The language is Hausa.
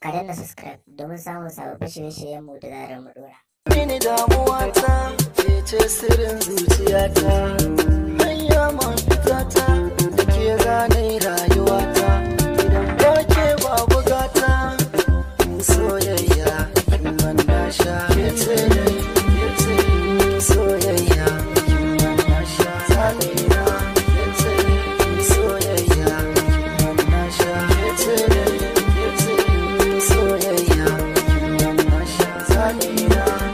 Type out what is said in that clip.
ka danna subscribe domin samun sababbin shirye mu da zarar mu dora. Mini damuwa ta ce sirrin zuciyata, hanya mafita ta da ke zane rayuwata, idan doke ba bugata, soyayya, in man na sha, freedom.